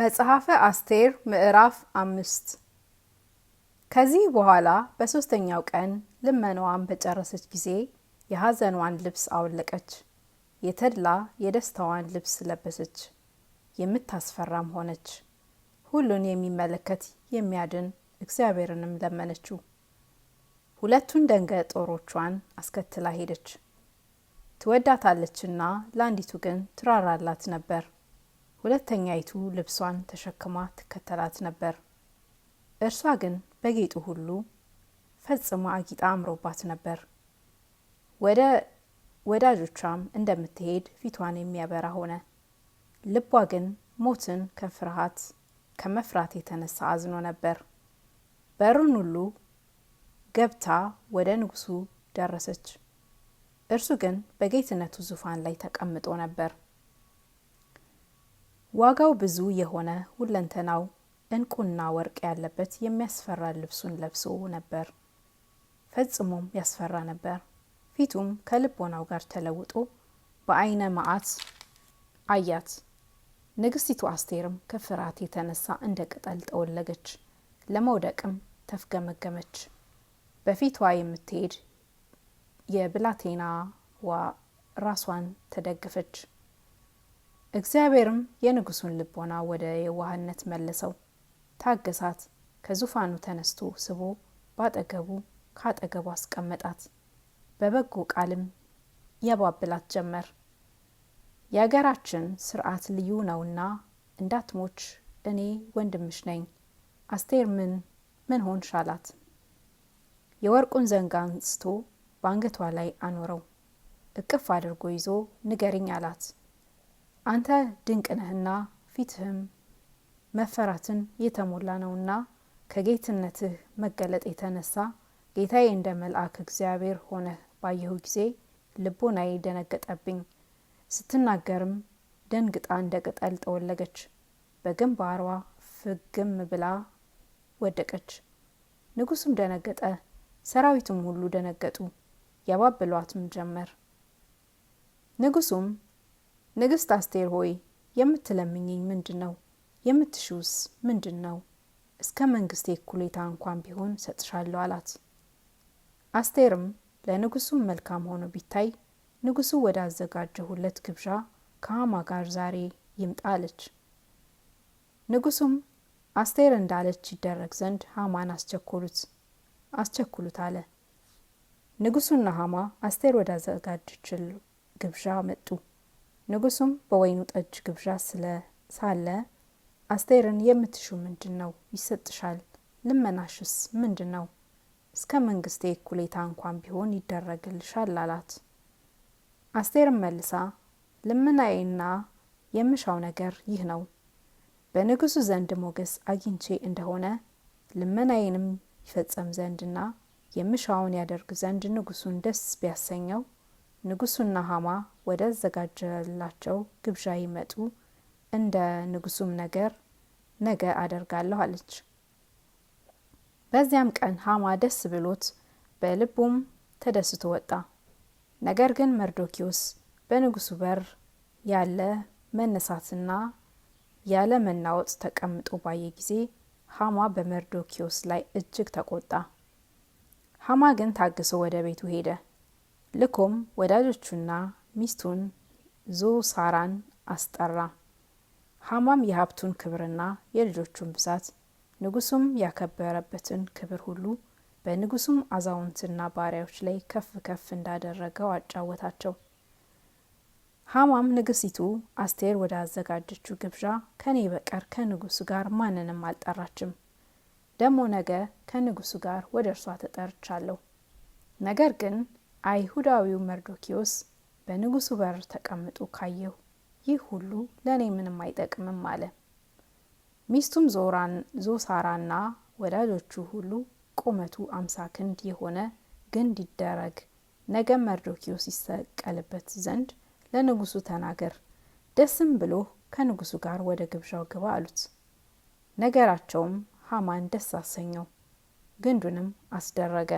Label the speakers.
Speaker 1: መጽሐፈ አስቴር ምዕራፍ አምስት ከዚህ በኋላ በሦስተኛው ቀን ልመናዋን በጨረሰች ጊዜ የሐዘኗን ልብስ አወለቀች፣ የተድላ የደስታዋን ልብስ ለበሰች፣ የምታስፈራም ሆነች። ሁሉን የሚመለከት የሚያድን እግዚአብሔርንም ለመነችው። ሁለቱን ደንገ ጦሮቿን አስከትላ ሄደች፣ ትወዳታለችና ለአንዲቱ ግን ትራራላት ነበር። ሁለተኛይቱ ልብሷን ተሸክማ ትከተላት ነበር። እርሷ ግን በጌጡ ሁሉ ፈጽማ አጊጣ አምሮባት ነበር። ወደ ወዳጆቿም እንደምትሄድ ፊቷን የሚያበራ ሆነ። ልቧ ግን ሞትን ከፍርሃት ከመፍራት የተነሳ አዝኖ ነበር። በሩን ሁሉ ገብታ ወደ ንጉሱ ደረሰች። እርሱ ግን በጌትነቱ ዙፋን ላይ ተቀምጦ ነበር። ዋጋው ብዙ የሆነ ሁለንተናው እንቁና ወርቅ ያለበት የሚያስፈራ ልብሱን ለብሶ ነበር። ፈጽሞም ያስፈራ ነበር። ፊቱም ከልቦናው ጋር ተለውጦ በአይነ መዓት አያት። ንግስቲቱ አስቴርም ከፍርሃት የተነሳ እንደ ቅጠል ጠወለገች፣ ለመውደቅም ተፍገመገመች። በፊቷ የምትሄድ የብላቴናዋ ራሷን ተደግፈች። እግዚአብሔርም የንጉሱን ልቦና ወደ የዋህነት መለሰው፣ ታገሳት። ከዙፋኑ ተነስቶ ስቦ ባጠገቡ ካጠገቡ አስቀመጣት። በበጎ ቃልም የባብላት ጀመር። የአገራችን ስርዓት ልዩ ነውና እንዳትሞች እኔ ወንድምሽ ነኝ። አስቴር ምን ምን ሆንሽ አላት። የወርቁን ዘንግ አንስቶ በአንገቷ ላይ አኖረው። እቅፍ አድርጎ ይዞ ንገሪኝ አላት። አንተ ድንቅ ነህና ፊትህም መፈራትን የተሞላ ነውና ከጌትነትህ መገለጥ የተነሳ ጌታዬ እንደ መልአክ እግዚአብሔር ሆነህ ባየሁ ጊዜ ልቦናዬ ደነገጠብኝ። ስትናገርም ደንግጣ እንደ ቅጠል ጠወለገች፣ በግንባሯ ፍግም ብላ ወደቀች። ንጉሱም ደነገጠ፣ ሰራዊቱም ሁሉ ደነገጡ፣ ያባብሏትም ጀመር። ንጉሱም ንግሥት አስቴር ሆይ የምትለምኝኝ ምንድን ነው? የምትሹስ ምንድን ነው? እስከ መንግስቴ እኩሌታ እንኳን ቢሆን ሰጥሻለሁ አላት። አስቴርም ለንጉሱም መልካም ሆኖ ቢታይ ንጉሱ ወዳዘጋጀሁለት ግብዣ ከሀማ ጋር ዛሬ ይምጣ አለች። ንጉሱም አስቴር እንዳለች ይደረግ ዘንድ ሀማን አስቸኮሉት አስቸኩሉት አለ። ንጉሱና ሀማ አስቴር ወዳዘጋጀችል ግብዣ መጡ። ንጉሱም በወይኑ ጠጅ ግብዣ ስለ ሳለ አስቴርን የምትሹ ምንድን ነው? ይሰጥሻል። ልመናሽስ ምንድን ነው? እስከ መንግስቴ እኩሌታ እንኳን ቢሆን ይደረግልሻል አላት። አስቴርን መልሳ ልመናዬና የምሻው ነገር ይህ ነው፣ በንጉሱ ዘንድ ሞገስ አግኝቼ እንደሆነ ልመናዬንም ይፈጸም ዘንድና የምሻውን ያደርግ ዘንድ ንጉሱን ደስ ቢያሰኘው ንጉሱና ሀማ ወደ አዘጋጀላቸው ግብዣ ይመጡ እንደ ንጉሱም ነገር ነገ አደርጋለሁ አለች። በዚያም ቀን ሀማ ደስ ብሎት በልቡም ተደስቶ ወጣ። ነገር ግን መርዶኪዎስ በንጉሱ በር ያለ መነሳትና ያለ መናወጥ ተቀምጦ ባየ ጊዜ ሀማ በመርዶኪዎስ ላይ እጅግ ተቆጣ። ሀማ ግን ታግሶ ወደ ቤቱ ሄደ። ልኮም ወዳጆቹና ሚስቱን ዞሳራን አስጠራ። ሐማም የሀብቱን ክብርና የልጆቹን ብዛት ንጉሱም ያከበረበትን ክብር ሁሉ በንጉሱም አዛውንትና ባሪያዎች ላይ ከፍ ከፍ እንዳደረገው አጫወታቸው። ሐማም ንግስቲቱ አስቴር ወደ አዘጋጀችው ግብዣ ከኔ በቀር ከንጉሱ ጋር ማንንም አልጠራችም። ደግሞ ነገ ከንጉሱ ጋር ወደ እርሷ ተጠርቻለሁ። ነገር ግን አይሁዳዊው መርዶኪዎስ በንጉሱ በር ተቀምጦ ካየሁ ይህ ሁሉ ለእኔ ምንም አይጠቅምም አለ። ሚስቱም ዞሳራና ወዳጆቹ ሁሉ ቁመቱ አምሳ ክንድ የሆነ ግንድ ይደረግ፣ ነገ መርዶኪዎስ ይሰቀልበት ዘንድ ለንጉሱ ተናገር፣ ደስም ብሎ ከንጉሱ ጋር ወደ ግብዣው ግባ አሉት። ነገራቸውም ሀማን ደስ አሰኘው፣ ግንዱንም አስደረገ።